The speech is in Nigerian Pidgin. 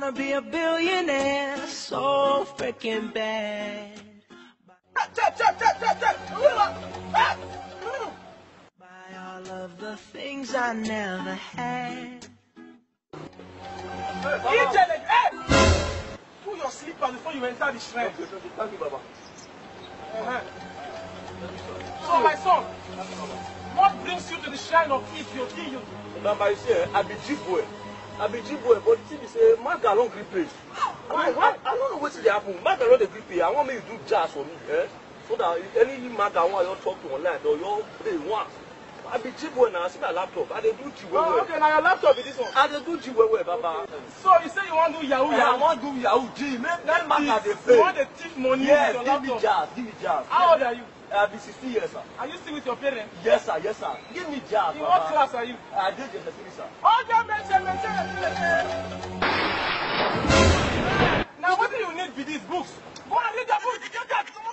wanna be a billionaire so freaking bad. By all of the things I never had. Put Pull your slipper before you enter the shrine. Thank you, Baba. Uh-huh. So, my son, what brings you to the shrine of Ethiopia? Baba, you see, I be boy. be abijibo but the thing be say maga don gree pay i mean why i don't know what dey happen maga no dey gree pay i want me to do jazz for me eh so that any maga wan your talk to online or your play once i be cheap boy na see my laptop i dey do cheap well well. okay na your laptop is this one. i dey do cheap well well baba. so you say you wan do yahoo eh, yahoo. i wan do yahoo gee make make maga dey pay. you wan dey thief money yes, your laptop. yes give me jazz give me jazz. how old are you. Eh, I be 16 years, sir. Are you still with your parents? Yes, sir. Yes, sir. Give me job. In what class are you? I did the sir. Oh, damn Вали, да будет, как